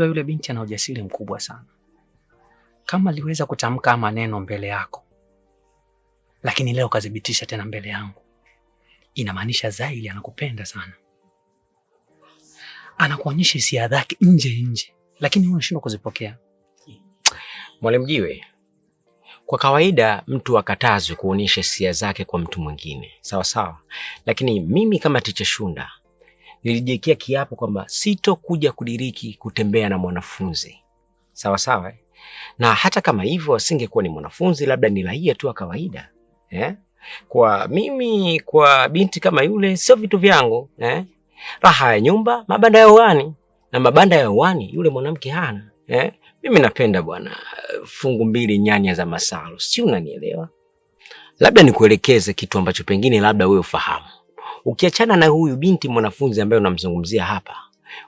Unajua yule binti ana ujasiri mkubwa sana. Kama aliweza kutamka maneno mbele yako, lakini leo kadhibitisha tena mbele yangu, inamaanisha Zaili anakupenda sana, anakuonyesha hisia zake nje nje, lakini wewe unashindwa kuzipokea. Mwalimu Jiwe, kwa kawaida mtu akatazwe kuonyesha hisia zake kwa mtu mwingine, sawa sawa, lakini mimi kama Ticha Shunda nilijiwekea kiapo kwamba sitokuja kudiriki kutembea na mwanafunzi sawa sawa, eh? na hata kama hivyo asingekuwa ni mwanafunzi, labda ni raia tu wa kawaida eh? kwa mimi, kwa binti kama yule sio vitu vyangu eh? raha ya nyumba, mabanda ya uani na mabanda ya uani yule mwanamke hana eh? Mimi napenda bwana fungu mbili nyanya za masalo, si unanielewa? Labda nikuelekeze kitu ambacho pengine labda wewe ufahamu. Ukiachana na huyu binti mwanafunzi ambaye unamzungumzia hapa,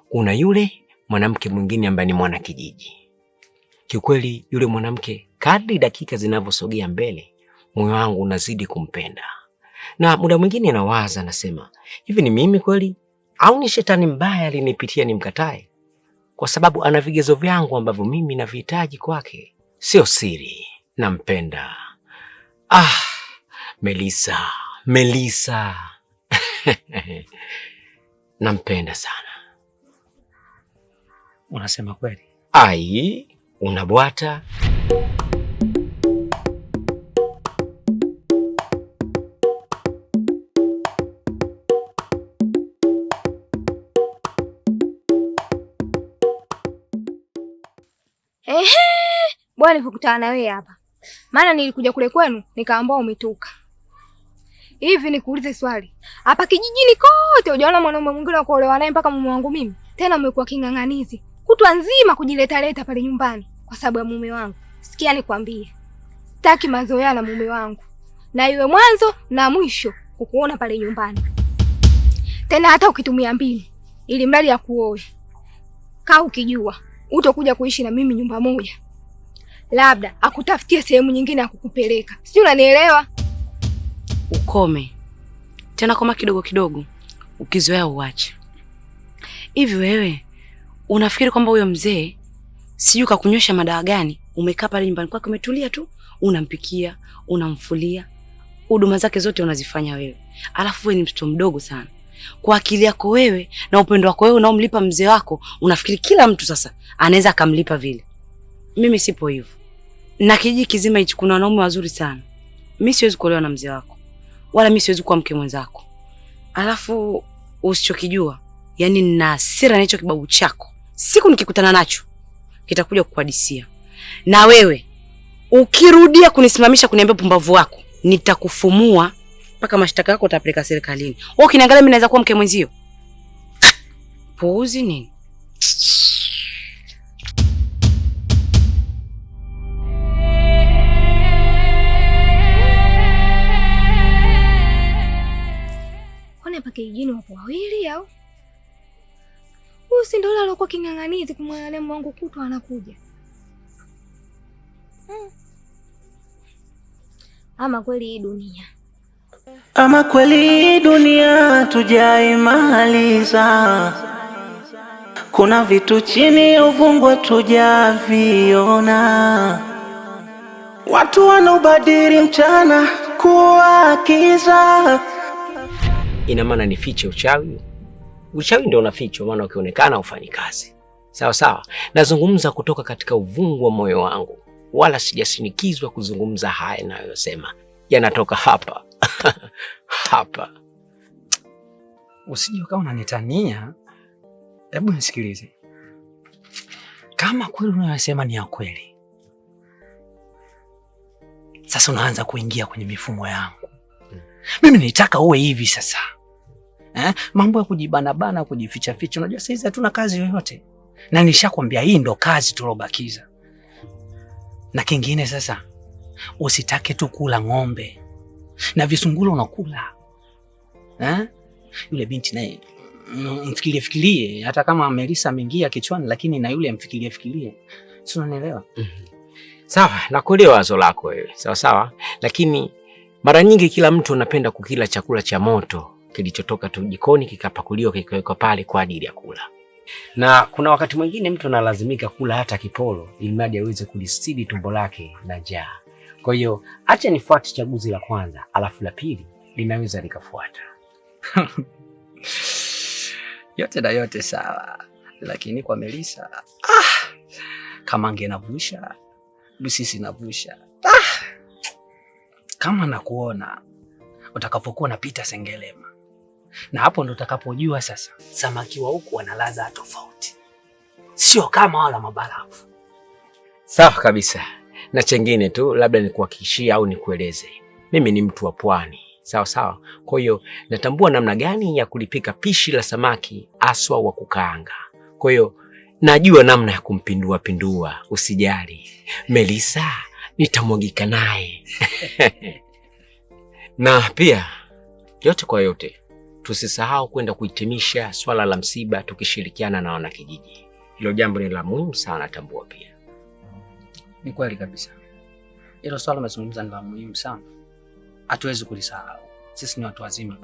kuna yule mwanamke mwingine ambaye ni mwana kijiji. Kiukweli yule mwanamke, kadri dakika zinavyosogea mbele, moyo wangu unazidi kumpenda, na muda mwingine nawaza, nasema hivi, ni mimi kweli au ni shetani mbaya alinipitia nimkatae? Kwa sababu ana vigezo vyangu ambavyo mimi navihitaji kwake. Sio siri, nampenda. Ah, Melissa, Melissa. nampenda sana. Unasema kweli? Ai, unabwata. Ehe, bwana, kukutana na wewe hapa, maana nilikuja kule kwenu nikaambua umituka Hivi nikuulize swali. Hapa kijijini kote hujaona mwanaume mwingine wa kuolewa naye mpaka mume wangu mimi? Tena umekuwa king'ang'anizi. Kutwa nzima kujileta leta pale nyumbani kwa sababu ya mume wangu. Sikia nikwambie. Sitaki mazoea na mume wangu. Na iwe mwanzo na mwisho kukuona pale nyumbani. Tena hata ukitumia mbili ili mradi ya kuoe. Kaa ukijua utakuja kuishi na mimi nyumba moja. Labda akutafutie sehemu nyingine ya kukupeleka. Sijui unanielewa? ukome tena, koma kidogo kidogo, ukizoea uache. Hivi wewe unafikiri kwamba huyo mzee sijui kakunyosha madawa gani? Umekaa pale nyumbani kwake umetulia tu, unampikia, unamfulia, huduma zake zote unazifanya wewe, alafu wewe ni mtoto mdogo sana kwa akili yako wewe na upendo wako wewe unaomlipa mzee wako, unafikiri kila mtu sasa anaweza akamlipa vile? Mimi sipo hivyo, na kijiji kizima hichi kuna wanaume wazuri sana. Mimi siwezi kuolewa na mzee wako wala mimi siwezi kuwa mke mwenzako. Alafu usichokijua, yani nina hasira na hicho kibabu chako, siku nikikutana nacho kitakuja kukuhadisia. Na wewe ukirudia kunisimamisha kuniambia pumbavu wako, nitakufumua mpaka mashtaka yako utapeleka serikalini. Wewe ukiniangalia mimi naweza kuwa mke mwenzio? Puuzi nini? kijijini wapo wawili au huyu? Si ndio yule king'ang'anizi kumwona demu wangu kutwa anakuja? Hmm. Ama kweli hii dunia, ama kweli dunia tujaimaliza. Kuna vitu chini uvungwa tujaviona, watu wanaubadili mchana kuwa kiza ina maana nifiche uchawi? Uchawi ndio unafichwa, maana ukionekana ufanyi kazi. Sawa sawa, nazungumza kutoka katika uvungu wa moyo wangu, wala sijasinikizwa kuzungumza haya nayosema, yanatoka hapa hapa. Usije ukawa unanitania. Hebu nisikilize, kama kweli unayosema ni ya kweli, sasa unaanza kuingia kwenye mifumo yangu mimi nitaka uwe hivi sasa eh? Mambo ya kujibanabana kujifichaficha, unajua saizi hatuna kazi yoyote, na nishakwambia hii ndo kazi tulobakiza. Na kingine sasa, usitake tu kula ng'ombe na visungulo unakula eh? Yule binti naye mm, mfikirie fikirie, hata kama Melissa ameingia kichwani, lakini na yule mfikirie fikirie, si unanielewa? mm -hmm. Sawa, nakuelewa wazo lako wewe, sawa sawa, lakini mara nyingi kila mtu anapenda kukila chakula cha moto kilichotoka tu jikoni kikapakuliwa kikawekwa pale kwa ajili ya kula, na kuna wakati mwingine mtu analazimika kula hata kipolo ili mradi aweze kulisidi tumbo lake na njaa. Kwa hiyo acha nifuate chaguzi la kwanza, alafu la pili linaweza likafuata. yote na yote sawa, lakini kwa Melisa, ah, kama angenavusha busisi navusha kama nakuona utakapokuwa unapita Sengelema, na hapo ndo utakapojua sasa samaki wa huku wana ladha tofauti, sio kama wala mabarafu. Sawa kabisa. Na chengine tu labda nikuhakikishie au nikueleze, mimi ni mtu wa pwani, sawa sawa. Kwa hiyo natambua namna gani ya kulipika pishi la samaki aswa wa kukaanga. Kwa hiyo najua namna ya kumpindua pindua, usijali Melisa nitamwagika naye na pia yote kwa yote, tusisahau kwenda kuhitimisha swala la msiba tukishirikiana na wanakijiji. Hilo jambo ni la muhimu sana, tambua pia. Ni kweli kabisa, hilo swala umezungumza ni la muhimu sana, hatuwezi kulisahau. Sisi ni watu wazima.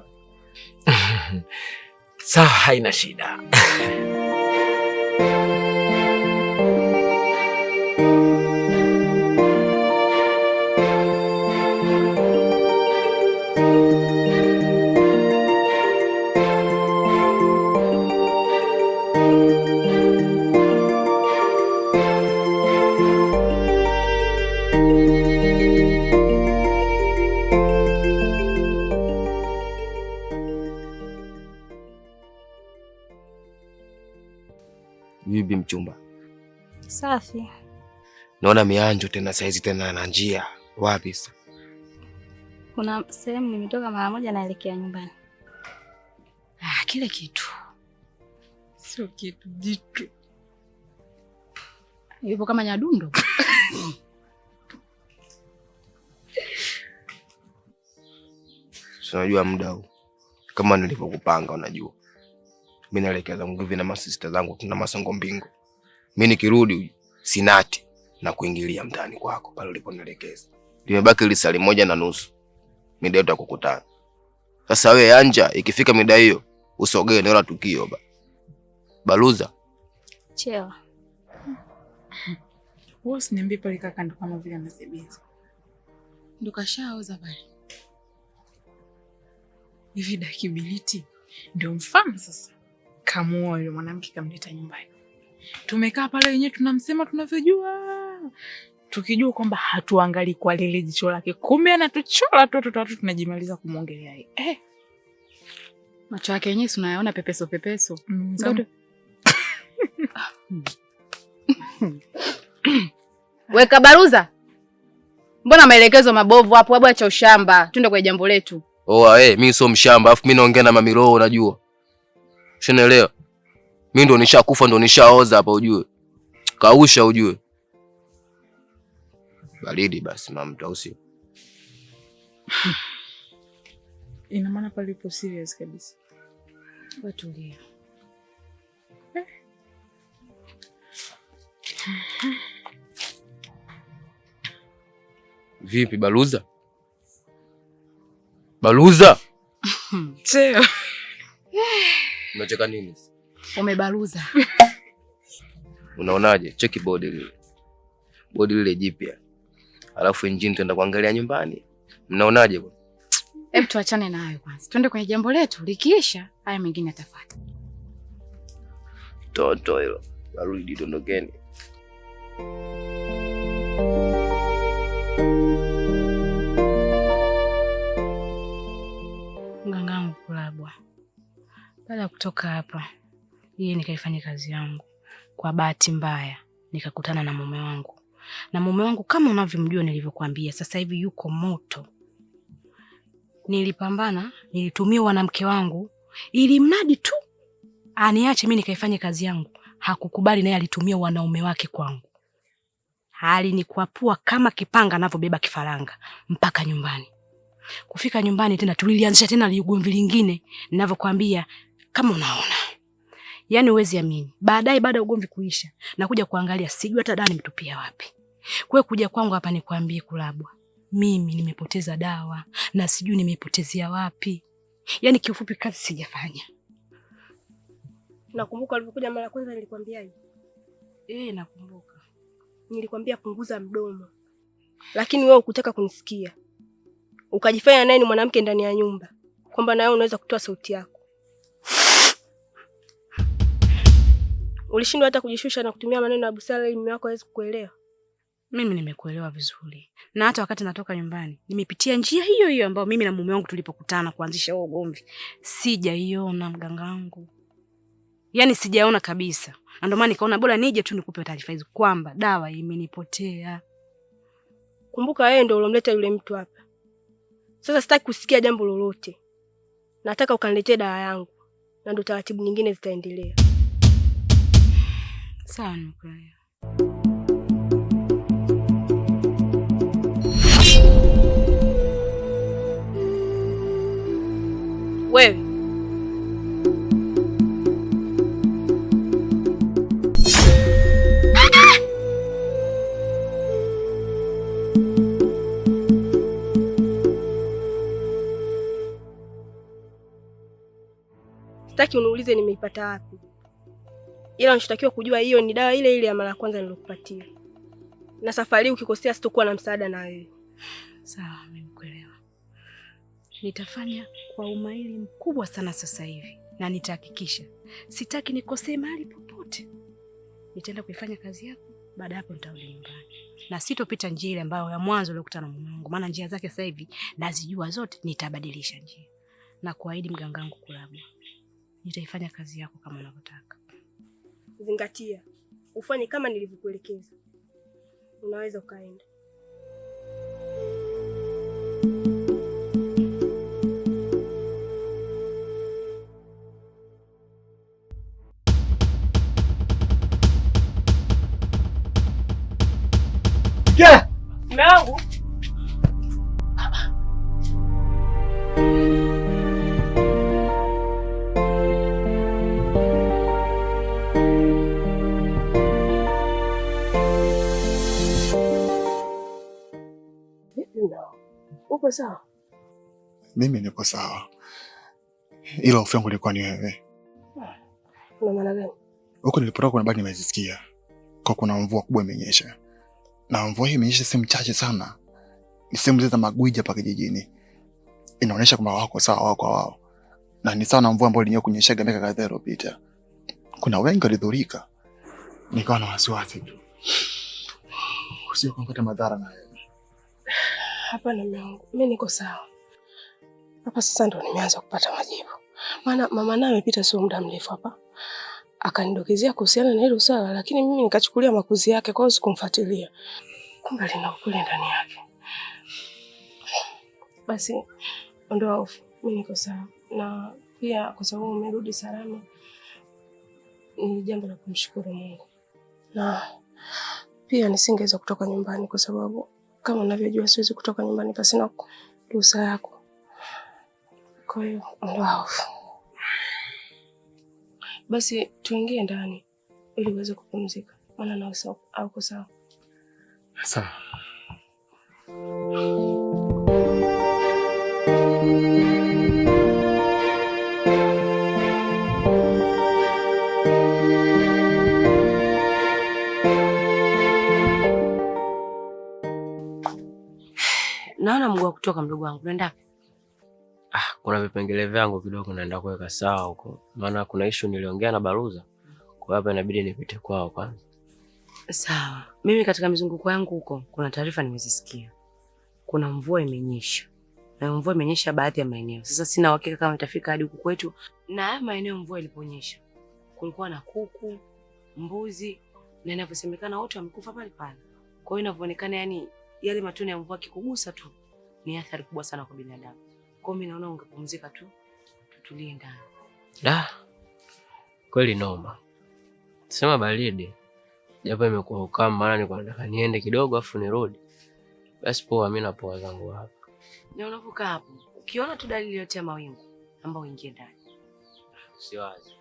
Sawa, haina shida. mchumba. Safi. Naona mianjo tena saizi tena na njia wapi sasa? Kuna sehemu nimetoka mara moja naelekea nyumbani. Ah, kile kitu sio kitu jitu yupo kama nyadundo Unajua muda huu kama nilivyokupanga, unajua mimi naelekea zangu hivi na masista zangu tuna masongo mbingo mi nikirudi sinati na kuingilia mtaani kwako pale uliponielekeza. Limebaki lisali moja na nusu mida yetu ya kukutana. Sasa we anja, ikifika mida hiyo usogee eneo la tukio ba baluza chewa wewe usiniambie pale kaka, ndo kama vile amesebeza ndo kashaoza pale hivi. Dakibiliti ndio mfano sasa, kamuoa yule mwanamke kamleta nyumbani tumekaa pale wenyewe tunamsema tunavyojua, tukijua kwamba hatuangali kwa lile jicho lake, kumbe anatuchola tu watoto watu, tunajimaliza kumwongelea yeye eh. Macho yake yenyewe tunayaona pepeso pepeso. Mm, weka baruza, mbona maelekezo mabovu hapo? Abu acha ushamba, tunde kwenye jambo letu. Oa, hey, eh, mi sio mshamba, afu mi naongea na mamiloo, unajua, ushanaelewa mi ndo nishakufa, ndo nishaoza hapa, ujue kausha, ujue baridi. Basi mama mtu, au sio? Ina maana pale serious kabisa. Watulia eh. Vipi Baluza? Baluza, Cheo. unacheka nini? Umebaruza. Unaonaje? Cheki bodi lile, bodi lile jipya, alafu injini tuenda kuangalia nyumbani. Mnaonaje? Hebu tuachane na hayo kwanza, twende kwenye jambo letu, likiisha haya mengine atafata Toto hilo barudi, dondokeni. kulabwa baada ya kutoka hapa ili nikaifanye kazi yangu. Kwa bahati mbaya nikakutana na mume wangu, na mume wangu kama unavyomjua nilivyokuambia, sasa hivi yuko moto. Nilipambana, nilitumia wanamke wangu ili mradi tu aniache mimi nikaifanye kazi yangu. Hakukubali, naye alitumia wanaume wake kwangu, alinikwapua kama kipanga anavyobeba kifaranga mpaka nyumbani. Kufika nyumbani tena tulilianzisha tena ugomvi lingine, ninavyokwambia kama unaona Yaani uwezi amini. Baadaye baada ya ugomvi kuisha, nakuja kuangalia sijui hata dawa nimetupia wapi. Kwa kuja kwangu hapa nikwambie kulabwa. Mimi nimepoteza dawa na sijui nimeipotezea wapi. Yaani kiufupi kazi sijafanya. Nakumbuka ulipokuja mara kwanza hivi. Eh, nakumbuka. Nilikwambia punguza mdomo. Lakini wewe ukutaka kunisikia. Ukajifanya naye ni mwanamke ndani ya nyumba. Kwamba nawe unaweza kutoa sauti yako. Ulishindwa hata kujishusha na kutumia maneno ya busara ili mume wako aweze kukuelewa? Mimi nimekuelewa vizuri, na hata wakati natoka nyumbani nimepitia njia hiyo hiyo ambayo mimi na mume wangu tulipokutana kuanzisha huo ugomvi. Sijaiona mganga wangu, yaani sijaona kabisa, na ndio maana nikaona bora nije tu nikupe taarifa hizo kwamba dawa imenipotea. Kumbuka wewe ndio ulomleta yule mtu hapa. Sasa sitaki kusikia jambo lolote, nataka ukaniletee dawa yangu, na ndio taratibu nyingine zitaendelea. Sawa, nimekuelewa. Wewe sitaki uniulize nimeipata wapi ila unachotakiwa kujua hiyo ni dawa ile ile ya mara ya kwanza nilokupatia, na safari ukikosea sitokuwa na msaada na wewe. Sawa, nimekuelewa. Nitafanya kwa umahiri mkubwa sana sasa hivi na nitahakikisha sitaki nikosee mahali popote. Nitaenda kuifanya kazi yako, baada hapo nitarudi nyumbani na sitopita njia ile ambayo ya mwanzo uliokutana na Mungu, maana njia zake sasa hivi nazijua zote. Nitabadilisha njia na kuahidi mgangangu, kulabwa nitaifanya kazi yako kama unavyotaka. Zingatia, ufanye kama nilivyokuelekeza. Unaweza ukaenda. Yeah! uko sawa? Mimi niko sawa, ila hofu yangu ilikuwa ni wewe. Una maana gani? Huko nilipotoka kuna habari nimezisikia kwa kuna mvua kubwa imenyesha, na mvua hii imenyesha sehemu chache sana, ni sehemu zile za magwija pa kijijini. Inaonyesha kwamba wako sawa wako kwa wao, na ni sawa na mvua ambayo ilinyesha kunyesha miaka kadhaa iliyopita. Kuna wengi walidhurika, nikawa na wasiwasi tu usipata madhara nayo Hapana mwanangu, mimi niko sawa hapa. Sasa ndo nimeanza kupata majibu, maana mama naye amepita sio muda mrefu hapa akanidokezea kuhusiana na hilo swala, lakini mimi nikachukulia makuzi yake, kwa hiyo sikumfuatilia. Kumbe lina ukweli ndani yake. Basi ondoa hofu, mimi niko sawa, na pia kwa sababu umerudi salama ni jambo la kumshukuru Mungu, na pia nisingeweza kutoka nyumbani kwa sababu kama unavyojua siwezi kutoka nyumbani pasina ruhusa yako. Kwa hiyo ndio hofu. Basi tuingie ndani ili uweze kupumzika, maana nausa auko sawa. Sawa. kutoka mdogo wangu, Nenda. Ah, kuna vipengele vyangu kidogo naenda kuweka sawa huko, maana kuna issue niliongea na Baruza, kwa hapa inabidi nipite kwao kwanza. Sawa, mimi katika mizunguko yangu huko kuna taarifa nimezisikia, kuna mvua imenyesha na mvua imenyesha baadhi ya maeneo. Sasa sina uhakika kama itafika hadi huku kwetu, na haya maeneo mvua iliponyesha kulikuwa na kuku, mbuzi na inavyosemekana wote wamekufa pale pale. Kwa hiyo inavyoonekana, yani yale matone ya mvua kikugusa tu ni athari kubwa sana kwa binadamu. Kwa mimi naona ungepumzika tu, tutulie ndani. Da. Kweli noma. Sema baridi. Japo imekuwa ukama maana nilikuwa nataka niende kidogo afu nirudi. Basi poa, mimi na poa zangu hapa. Na unapokaa hapo, ukiona tu dalili yote ya mawingu, ambao uingie ndani. Usiwaze.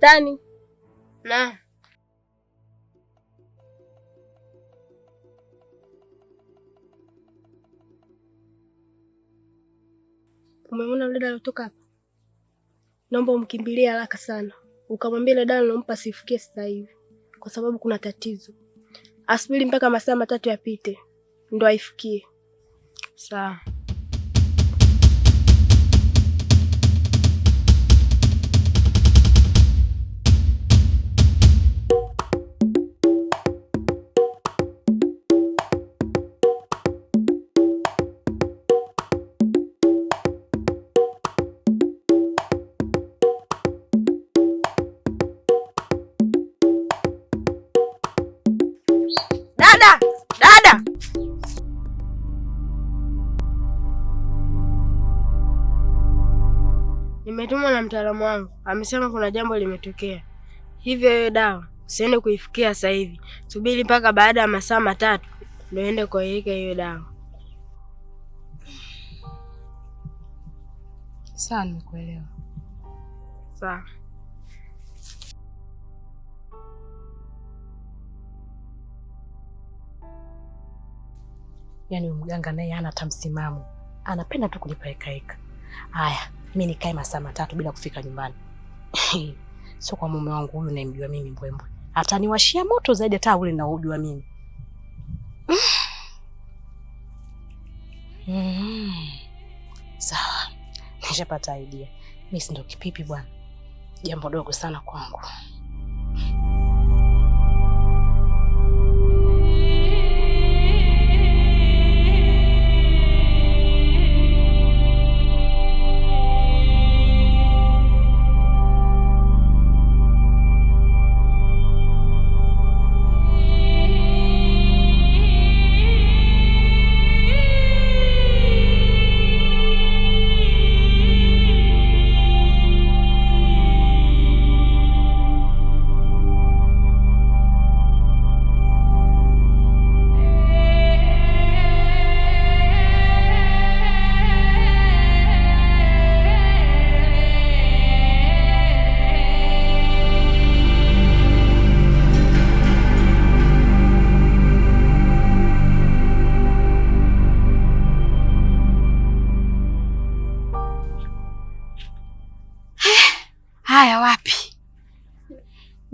Tani. na umemwona yule dada aliyotoka hapa. Naomba umkimbilie haraka sana, ukamwambia yule dada naompa sifikie sasa hivi, kwa sababu kuna tatizo. Asubiri mpaka masaa matatu yapite ndo aifikie. Sawa. Dada, dada. Nimetumwa na mtaalamu wangu, amesema kuna jambo limetokea, hivyo hiyo dawa usiende kuifikia sasa hivi, subiri mpaka baada ya masaa matatu ndio ende kuiweka hiyo dawa. Sawa, nimekuelewa. Sawa. yani mganga naye hana hata msimamo, anapenda tu kunipelekaeka. Haya, mi nikae masaa matatu bila kufika nyumbani sio kwa mume wangu huyu naimjua mimi, mbwembwe ataniwashia moto zaidi hata ule naujua mimi mm-hmm. Sawa, nishapata idea. Mi sindo kipipi bwana, jambo dogo sana kwangu.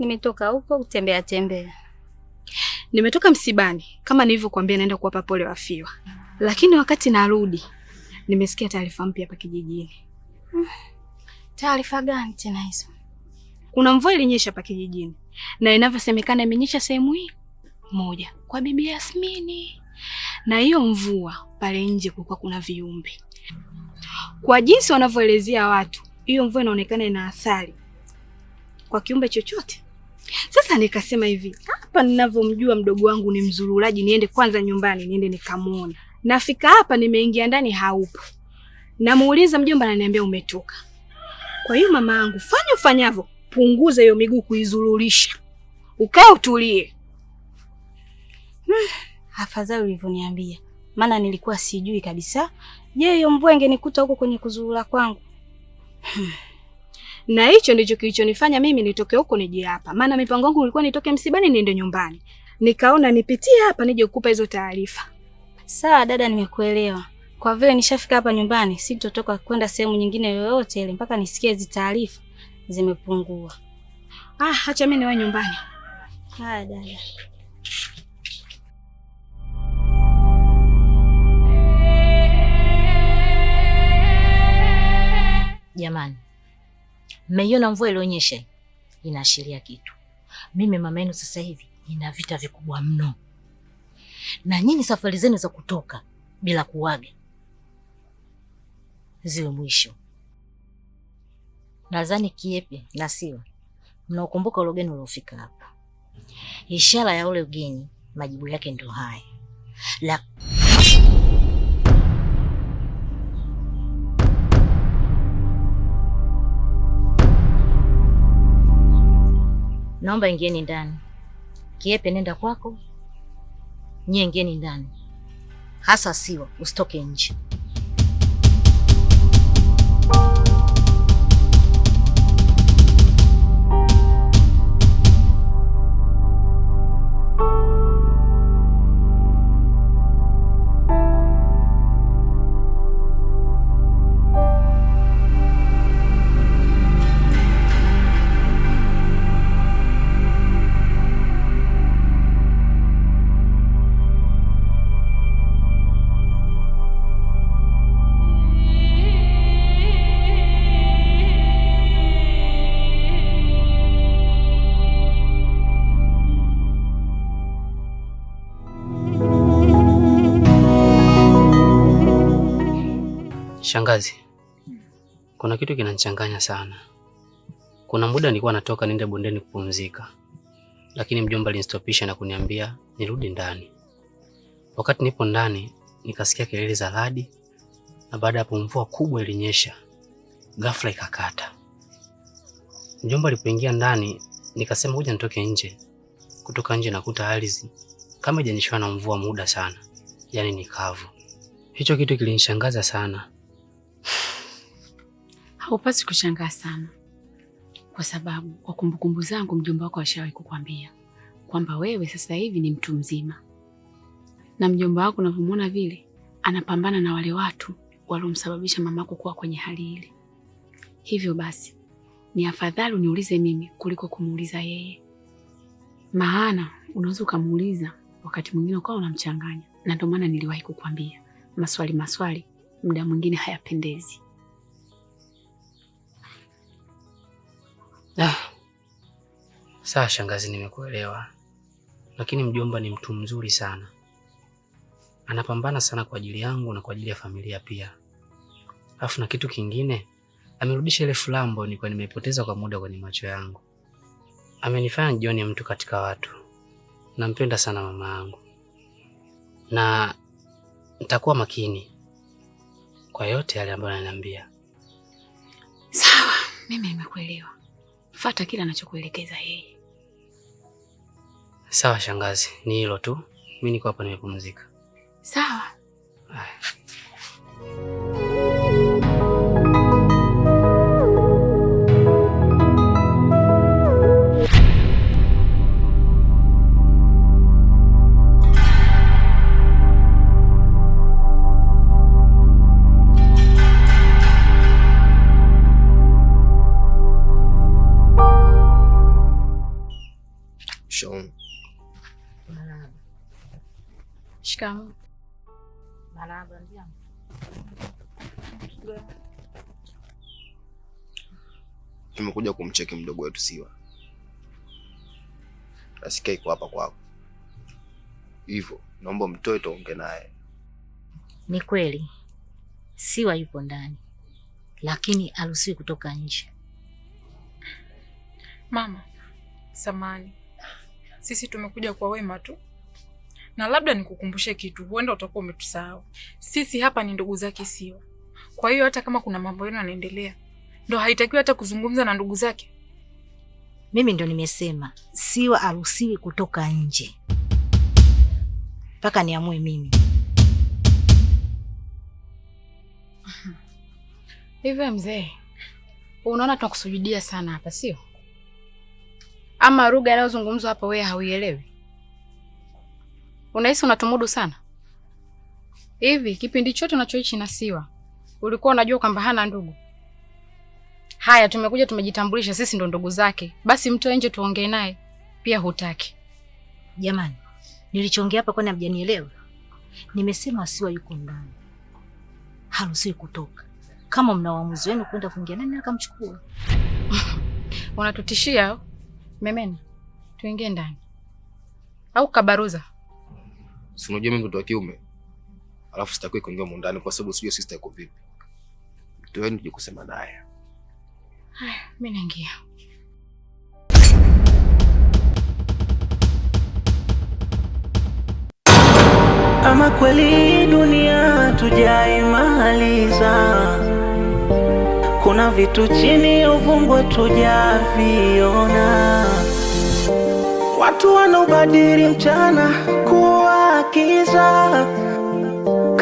Nimetoka huko kutembea tembea. Nimetoka msibani kama nilivyokuambia, naenda kuwapa pole wafiwa, lakini wakati narudi nimesikia taarifa mpya hapa kijijini. Hmm. Taarifa gani tena hizo? Kuna mvua ilinyesha hapa kijijini na inavyosemekana imenyesha sehemu hii moja kwa Bibi Yasmini, na hiyo mvua pale nje kulikuwa kuna viumbe. Kwa jinsi wanavyoelezea watu, hiyo mvua inaonekana ina athari kwa kiumbe chochote sasa nikasema hivi, hapa ninavyomjua mdogo wangu ni mzurulaji niende kwanza nyumbani, niende nikamuona. Nafika hapa, nimeingia ndani, haupo. Namuuliza mjomba, ananiambia umetoka. Kwa hiyo mama yangu, fanya ufanyavyo, punguza hiyo miguu kuizurulisha ukae utulie. Hmm, afadhali ulivyoniambia, maana nilikuwa sijui kabisa. Je, hiyo mvua ingenikuta huko kwenye kuzurula kwangu? Hmm na hicho ndicho kilichonifanya mimi nitoke huko nije hapa, maana mipango yangu ilikuwa nitoke msibani niende nyumbani, nikaona nipitie hapa nije kukupa hizo taarifa. Sawa dada, nimekuelewa. Kwa vile nishafika hapa nyumbani, mtotoka kwenda sehemu nyingine yoyote ile mpaka nisikie hizo taarifa zimepungua. Ah, acha mimi niwe nyumbani. Haya dada. Jamani, Mmeiona mvua ilionyesha, inaashiria kitu. Mimi mama yenu sasa hivi nina vita vikubwa mno, na nyinyi safari zenu za kutoka bila kuwaga ziwe mwisho. Nadhani Kiepe na Siwa mnaokumbuka ule ugeni uliofika hapa, ishara ya ule ugeni, majibu yake ndio haya la Naomba ingieni ndani. Kiepe, nenda kwako. Nyie ingieni ndani, hasa Siwa, usitoke nje. Shangazi, kuna kitu kinanichanganya sana. Kuna muda nilikuwa natoka niende bondeni kupumzika, lakini mjomba alinistopisha na kuniambia nirudi ndani. Wakati nipo ndani, nikasikia kelele za radi, na baada ya hapo mvua kubwa ilinyesha, ghafla ikakata. Mjomba alipoingia ndani, nikasema kuja nitoke nje. Kutoka nje nakuta ardhi kama ijanyeshiwa na mvua muda sana, yaani ni kavu. Hicho kitu kilinishangaza sana Haupasi kushangaa sana, kwa sababu kwa kumbukumbu zangu mjomba wako ashawahi kukwambia kwamba wewe sasa hivi ni mtu mzima, na mjomba wako unavyomwona vile anapambana na wale watu waliomsababisha mamako kuwa kwenye hali ile. Hivyo basi ni afadhali uniulize mimi kuliko kumuuliza yeye, maana unaweza ukamuuliza wakati mwingine ukawa unamchanganya, na ndio maana niliwahi kukwambia maswali maswali muda mwingine hayapendezi. Ah. Sawa shangazi, nimekuelewa, lakini mjomba ni mtu mzuri sana, anapambana sana kwa ajili yangu na kwa ajili ya familia pia. Alafu na kitu kingine, amerudisha ile furaha ambayo nilikuwa nimepoteza kwa muda kwenye macho yangu. Amenifanya nijione mtu katika watu. Nampenda sana mama yangu na nitakuwa makini kwa yote yale ambayo ananiambia. Sawa, mimi nimekuelewa. Fata kila anachokuelekeza yeye. Sawa shangazi, ni hilo tu. Mimi niko hapa nimepumzika. Sawa. Ay. Shikamoo. Marahaba. Tumekuja kumcheki mdogo wetu Siwa. Nasikia iko hapa kwako, hivyo naomba mtoe tuonge naye. Ni kweli Siwa yupo ndani, lakini haruhusiwi kutoka nje. Mama samani, sisi tumekuja kwa wema tu na labda nikukumbushe kitu, huenda utakuwa umetusahau. Sisi hapa ni ndugu zake Siwa, kwa hiyo hata kama kuna mambo yenu yanaendelea, ndo haitakiwi hata kuzungumza na ndugu zake. Mimi ndo nimesema Siwa aruhusiwi kutoka nje mpaka niamue mimi. Hivyo mzee, unaona tunakusujudia sana hapa, sio? Ama lugha inayozungumzwa hapa wewe hauielewi? Unahisi unatumudu sana hivi? Kipindi chote unachoishi na Siwa ulikuwa unajua kwamba hana ndugu? Haya, tumekuja tumejitambulisha, sisi ndo ndugu zake, basi mtoe nje tuongee naye. Pia hutaki. Jamani, nilichoongea hapa kwani hamjanielewa? Nimesema Siwa yuko ndani, haruhusiwi kutoka. Kama mna uamuzi wenu kwenda kuongea nani akamchukua. Unatutishia memena, tuingie ndani au kabaruza? Si unajua mimi mtoto wa kiume. Alafu sitakuwa kuingia huko ndani kwa sababu sijui sister yako vipi. Tuwe nije kusema naye. Haya, mimi naingia. Ama kweli dunia tujaimaliza, kuna vitu chini uvungwa tujaviona, watu wanaubadili mchana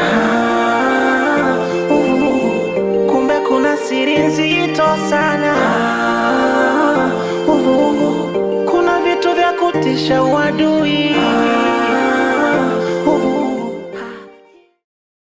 Ah, kumbe kuna siri nzito sana ah, uh, uh, uh, uh kuna vitu vya kutisha uadui ah,